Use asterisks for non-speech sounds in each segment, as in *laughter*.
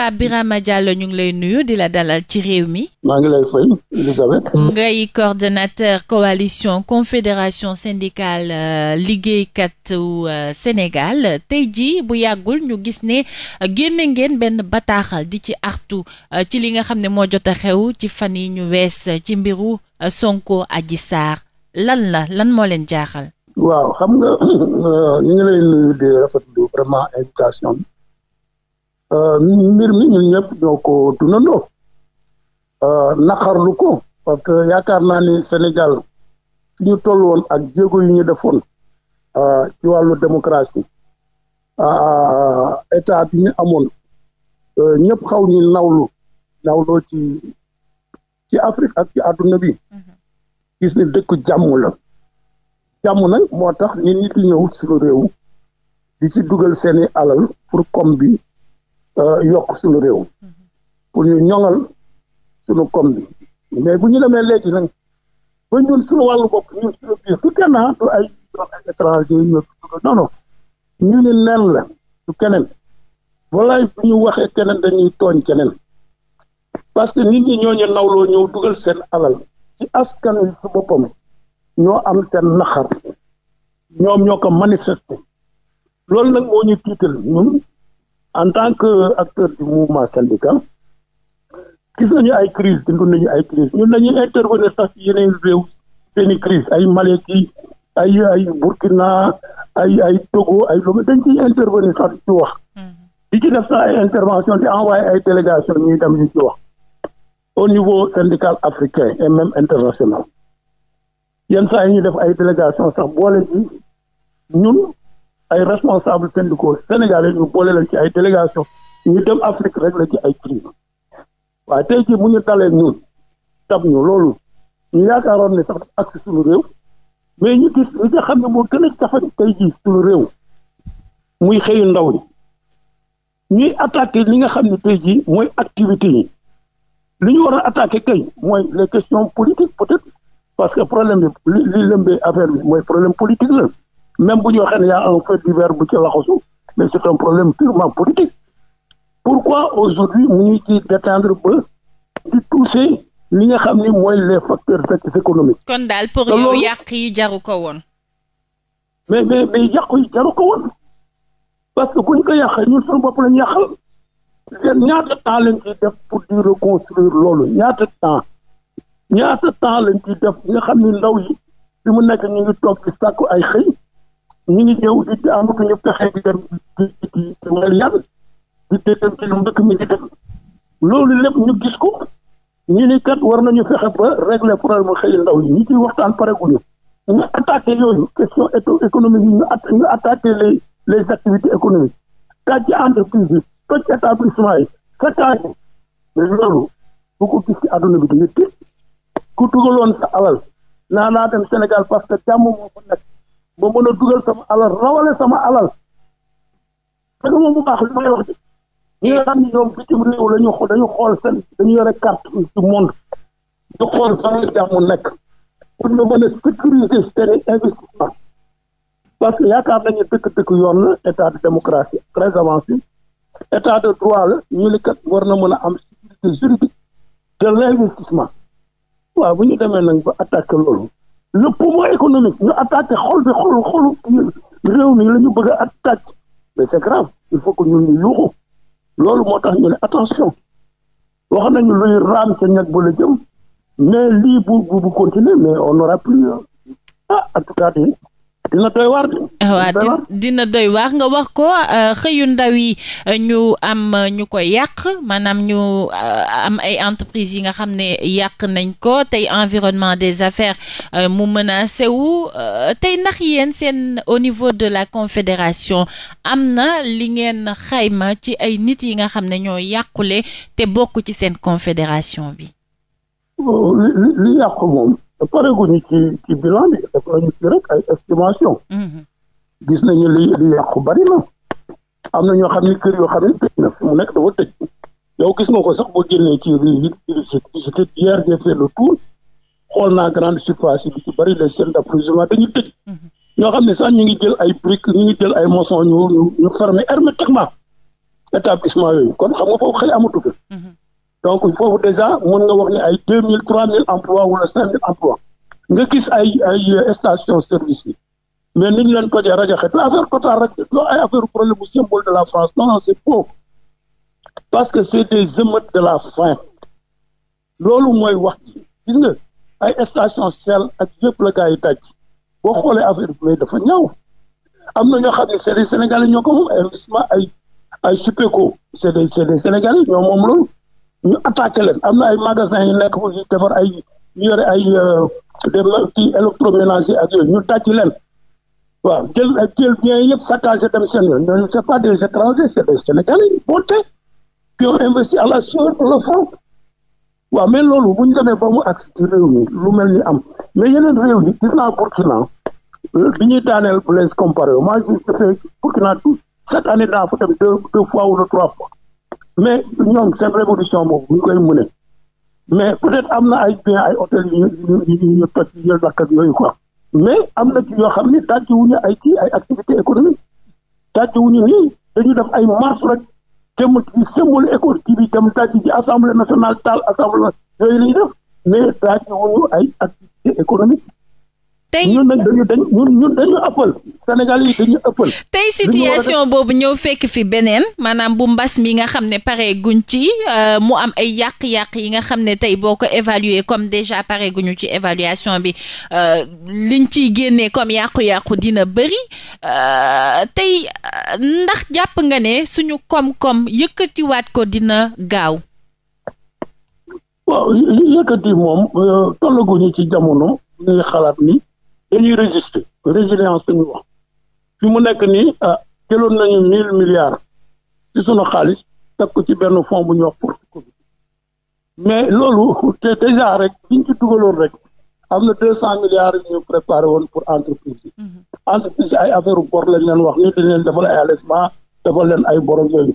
Pape Birama Diallo ñu ngi lay nuyu di la dalal ci réew mi. maa ngi lay fay ngay coordonnateur coalition confédération syndicale euh, liggéeykat euh, Sénégal tey jii bu yàggul ñu gis ne euh, génne ngeen benn bataaxal di ci artu ci li nga xam ne moo jot a xew ci fan yi ñu wees ci mbiru Sonko Adji Sarr lan la lan moo leen jaaxal. waaw xam nga *clears throat* ñu ngi lay nuyu di rafetlu vraiment invitation bi. Euh, mbir mi ñun ñëpp ñoo ko dundandoo euh, naqarlu ko parce que yaakaar naa ni Sénégal fi ñu toll woon ak jéego yu ñu defoon euh, ci wàllu démocratie état bi ñu amoon ñëpp xaw ñu nawlu nawloo ci ci Afrique ak ci àdduna bi mm-hmm. gis ni dëkk jàmm la jàmm nag moo tax nit ñi di ñëw suñu réew di ci dugal seeni alal pour comme bi Euh, yokk suñu réew pour ñu ñoŋal suñu kom bi mais bu ñu demee léegi nag ba ñun suñu wàllu bopp ñun suñu biir du kenn ah, du ay doon étranger ñoo tudd ñu waxee keneen dañuy tooñ keneen parce que nit ñi ñooñu nawloo ñëw seen alal ci askan wi su boppam ñoo am seen naxar ñoom ñoo ko manifester loolu nag moo ñu tiital ñun en tant que acteur du mouvement syndical gis nañu ay crise dund nañu ay crise ñun dañuy intervenir sax ci yeneen réew seen i crise ay Malaisie ay ay Burkina ay ay Togo ay loolu dañ ciy intervenir sax ci wax mhm. di ci def sax ay intervention di envoyé ay délégation ñuy dem ñu ci wax au niveau syndical africain et même international yenn sax yi ñu def ay délégation sax boole ji ñun ay responsables syndicaux sénégalais ñu boole leen ci ay délégation ñu dem Afrique rek la ci ay crise waaye tey jii bu ñu dalee ñun tab ñu loolu ñu yaakaaroon ne sax ak si réew mais ñu gis li nga xam ne moo gën a jafe tey jii suñu réew muy xëyu ndaw ñi ñuy attaqué li nga xam ne tey jii mooy activité yi li ñu war a attaqué kay mooy les questions politiques peut parce que problème bi li li lëmbee affaire bi mooy problème politique la même bu ñu waxee ne y a un fait divers bu ci laxasu mais c'est un problème purement politique pourquoi aujourd'hui mu ñuy ciy détendre ba di toucher li nga xam ni mooy les facteurs économiques. kon daal pour yow yàq yi jaru ko woon. mais mais mais yàq yi jaru ko woon parce que bu ñu ko yàqee ñun suñu bopp la ñu yàqal ñaata temps lañ ciy def pour di reconstruire loolu ñaata temps ñaata temps lañ ciy def nga xam ni ndaw yi fi mu nekk ñu ngi toog di sàkku ay xëy. ñu ngi ñëw di amatuñu pexe di dem di di di ci lu mbëkk mi di dem loolu lépp ñu gis ko ñu ni kat war nañu fexe ba régler problème xëy ndaw yi ñu ciy waxtaan pareguñu ñu attaqué yooyu question économique yi ñu les les activités économiques tàjji entreprise yi toj établissement yi saccage yi mais loolu bu ko gis ci àdduna bi dañuy ku dugaloon sa alal naa naa dem Sénégal parce que jàmm moo fa nekk. ma mën a dugal sama alal rawale sama alal dëgg moom bu baax li may nga xam ne ñoom bitim réew la ñu xool dañu xool seen dañu yore carte du monde ñu xool sama jàmm nekk pour ñu mën a sécuriser seen investissement parce que yaakaar nañu dëkk-dëkk yoon la état de démocratie très avancé état de droit la ñu li kat war na mën a am sécurité juridique de l' investissement waaw bu ñu demee nag ba attaqué loolu le pouvoir économique ñu attaqué xol bi xol xolu réew mi la ñu bëgg a attaqué mais c'est grave il faut que ñun ñu yuuxu loolu moo tax ñu ne attention wax nañu luy raam ca ñag bu la jëm mais lii bu bu bu continuer mais on aura plus ah en tout cas dina doy eh, waar dina doy waar nga wax ko eh, xëyu ndaw yi eh, ñu am ñu ko yàq maanaam ñu am ay entreprise yi nga xam ne yàq nañ ko tey environnement des affaires mu menacé wu tey ndax yéen seen au niveau de la confédération am na li ngeen xayma ci ay nit yi nga xam ne ñoo yàqule te bokk ci seen confédération bi oh, te pareeguñu ci ci bilan bi def nañu ci rek ay estimation mhm. gis nañu li li lu bari na am na ñoo xam ni kër yoo xam ne tëj na fi mu nekk dafa tëj yow gis nga ko sax boo génnee ci rue publicité hier j'ai fait le xool naa grand surface yi ci bari les chaînes d'approvisionnement dañu tëj mhm. ñoo xam ne sax ñu ngi jël ay briques ñu ngi jël ay maçon ñu ñu fermer hermétiquement établissement yooyu kon xam nga foofu xëy amatu fa donc foofu déjà mën nga wax ne ay deux mille trois mille emplois wala cinq mille emplois nga gis ay ay euh, station service yi mais ni ñu leen ko jee xe te affaire Total rek doo ay affaire problème bu symbole de la France non non c'est parce que c'est des émeutes de la faim loolu mooy wax gis nga ay station sell ak yëpp la gars yi daj boo xoolee affaire bi dafa ñaaw am na ñoo xam ne c'est des ñoo ko moom ay ay Supéco c'est des c'est des Sénégalais ñoo moom loolu ñu attaqué leen am na ay magasin yu nekk fu ñu defar ay ñu yore ay euh, des kii électroménager ak yooyu ñu daj leen waaw jël jël bien yëpp saccagé dem seen yoon ñooñu c'est pas des étrangers c'est des sénégalais yu bonté qui investi à la sueur de leur waaw mais loolu bu ñu demee ba mu agsi mi lu mel ni am mais yeneen réew yi gis naa Burkina euh, bi ñuy daaneel Blaise Compaoré moi je fais Burkina tout chaque année daa fa dem deux deux fois wala trois fois mais ñoom seen révolution moom bu ñu koy mëne mais peut-être am na ay bien ay hôtel yu ñu yu ñu ñu lakk ak yooyu quoi mais am na ci yoo xam ni tàjji wuñu ay ci ay activité économique tàjji wuñu nii dañu def ay marche rek dem ci symbole économique bi dem tàjji ci assemblée nationale taal assemblée yooyu la ñu def mais tàjji wuñu ay activité économique tey ñun nag boobu ñëw fekk fi beneen maanaam bu mbas mi nga xam ne pare guñ ci euh, mu am ay yàq-yàq yi nga xam ne tey boo ko évaluer comme déjà pare guñu ci évaluation bi euh, liñ ciy génnee comme yàqu-yàqu dina bari euh, tey ndax jàpp nga ne suñu koom-koom yëkkatiwaat ko dina gaaw. waaw yëkkati moom tollaguñu ci jamono ñuy xalaat ni. dañuy résister résilience la ñu wax fi mu nekk nii ah jëloon nañu mille milliards ci sunu xaalis teg ko ci benn fonds bu ñu wax pour Covid mais loolu te jaar rek fi ñu ci dugaloon rek am na deux cent milliards ñu préparé woon pour entreprise yi. Mhm. entreprise ay affaire bor lañ leen wax ni dañ leen defal ay allègement defal leen ay borom yooyu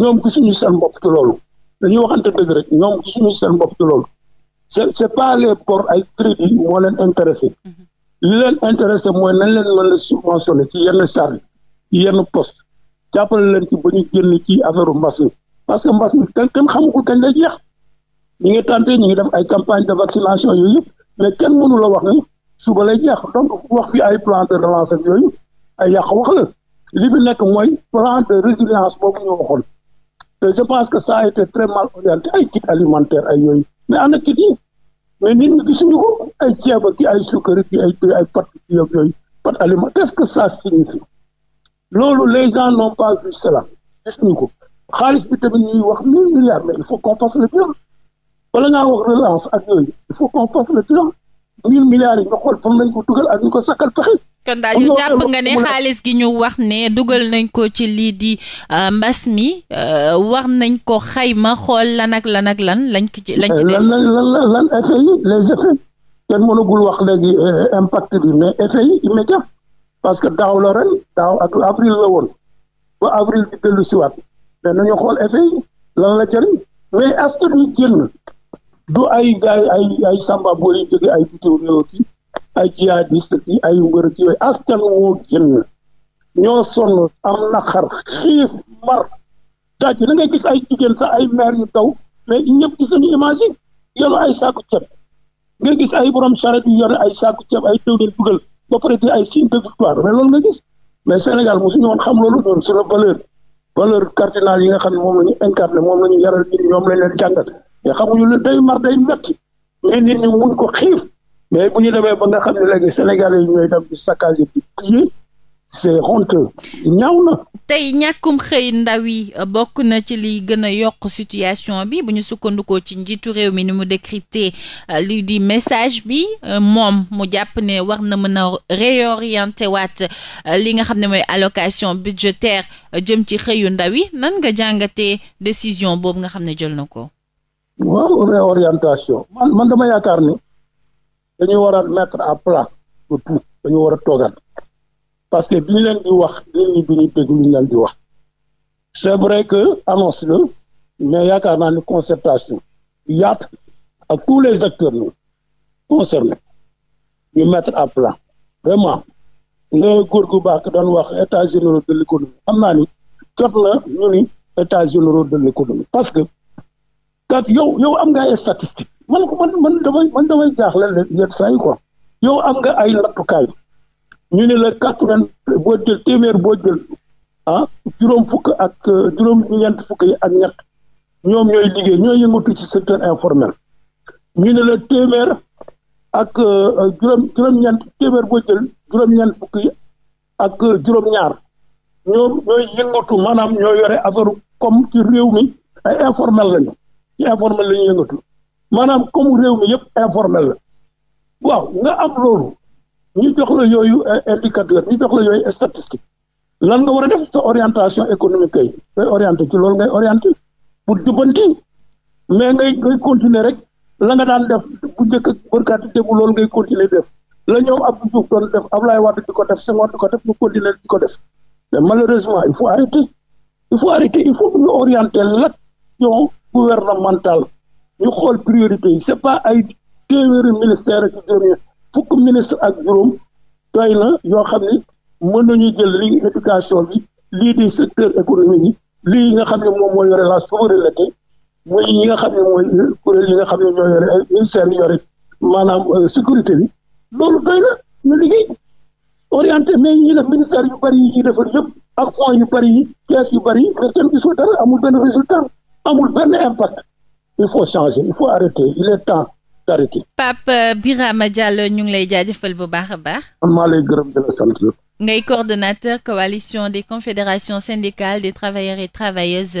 ñoom gisuñu seen bopp ci loolu dañuy waxante dëgg rek ñoom gisuñu seen bopp ci loolu c'est c'est pas lee bor ay crédit moo leen intéressé. Mhm. li leen intéressé mooy nañ leen mën a subventionné ci yenn charge ci yenn poste jàppale leen ci ba ñu génn ci affaire mbas mi parce que mbas mi kenn kenn xamu ko kañ lay jeex ñi ngi tenté ñi ngi def ay campagne de vaccination yooyu yëpp mais kenn mënu wax ni suba lay jeex donc wax fi ay plan de relance ak yooyu ay yàq wax la li fi nekk mooy plan de résilience boobu ñu waxoon te je pense que ça a été très mal orienté ay kit alimentaire ay yooyu mais ana yi mais nit ñi gisuñu ko ay ceeb ki ay sukkar ki ay ay ki yog yooyu aliment qu'est-ce que ça signifie loolu les gens n'ont pas vu cela gisuñu ko xaalis bi tamit ñuy wax mille milliards mais il faut qu'on fasse le bilan bala ngaa wax relance ak mille milliards yi nga xool fan lañ ko dugal ak ñu ko sakkal pexe kon daal ñu jàpp nga ne xaalis gi ñu wax ne dugal nañ ko ci lii di euh, mbas mi euh, wax nañ ko xayma xool lan ak lan ak lan lañ ko ci lañ ci def lan lan yi les effets kenn mënagul wax léegi euh, impact bi mais effet yi immédiat parce que daaw la ren daaw ak la woon ba avril di dellu siwaat mais nañu xool effet yi lan la jëriñ mais est-ce que du ay ay ay ay booy jóge ay bitim réew kii ay jihadiste ki ay mbër ki yooyu askan woo génn ñoo sonn am naqar xiif mar daaj da ngay gis ay jigéen sax ay maire yu taw mais ñëpp gis nañu image yi ay saaku ceeb nga gis ay borom charrette yu yore ay saaku ceeb ay dëwleen dugal ba pare di ay signe de victoire mais loolu nga gis mais Sénégal mosuñu woon xam loolu ñun sur la valeur valeur cardinal yi nga xam ne moom la ñu incarné moom la ñu yaral nit ñoom lañ leen jàngal mais xamuñu ne day mar day metti mais nit ñi mun ko xiif mais bu ñu demee ba nga xam ne léegi Sénégalais yi ñooy dem di saccager honteux ñaaw na. tey ñàkkum xëy ndaw yi bokk na ci li gën a yokk situation bi bu ñu sukkandikoo ci njiitu réew mi ni mu décrypté euh, lii di message bi euh, moom mu jàpp ne war na mën a réorienté waat euh, li nga xam ne mooy allocation budgétaire jëm ci xëyu ndaw yi nan nga jàngatee décision boobu nga xam ne jël na ko. waaw réorientation man dama yaakaar ni dañu war a à plat le tout dañu war a toogaat parce que bi ñu leen di wax nit ñi bi ñu dégg lu ñu wax c'est vrai que annonce la mais yaakaar naa ni concertation yaat ak tous les acteurs la concernés ñu mettre à plat vraiment le koor gu baax doon wax états généraux de l'économie xam naa ni jot na ñu ni états généraux de l'économie parce que kat yow yow am nga ay man ko man man damay man damay jaaxle yenn saa yi quoi yow am nga ay nattukaay ñu ne la quatre vingt boo jël téeméer boo jël ah juróom fukk ak euh, juróom ñeent fukk yi ak ñett ñoom ñooy liggéey ñooy yëngatu ci secteur informel ñu ne la téeméer ak euh, juróom juróom-ñeent téeméer boo jël juróom-ñeent fukk yi ak euh, juróom-ñaar ñoom ñooy yëngatu maanaam ñoo yore affaire comme ci réew mi ay informel lañu ci informel lañu yëngatu maanaam comme réew mi yëpp informel la waaw nga am loolu ñu jox la yooyu euh, indicateur ñu jox la yooyu statistique lan nga war a def sa orientation économique kay ngay orienté ci loolu ngay orienté pour jubbanti mais ngay ngay continuer rek la nga daan def bu njëkk ak bërkaati débu loolu ngay continuer la ñoom Abdou Diouf doon def Ablaye Wade di ko def Senghor di ko def ñu continuer di ko def mais malheureusement il faut arrêter il faut arrêter il faut ñu orienter l'action gouvernementale ñu xool priorité yi c'est pas ay téeméeri ministère ak juróom fukk ministre ak juróom doy na yoo xam ni mën nañu jël lii éducation bi lii di secteur économique yi lii nga xam ne moom moo yore la souveraineté mooy yi nga xam ne mooy kuréel yi nga xam ne ñoo yore ay ministère yi yore maanaam euh, sécurité bi loolu doy na ñu liggéey orienté mais ñi def ministère yu bari yi ñuy defar yëpp ak fonds yu bari yi kees yu bari yi mais kenn gisul dara amul benn résultat amul benn impact il faut changer il faut arrêter il est temps d'arrêter. Pape Birama Diallo ñu ngi lay jaajëfal bu baax a baax. maa lay gërëm di la sant. ngay coordonnateur coalition des confédérations syndicales des travailleurs et travailleuses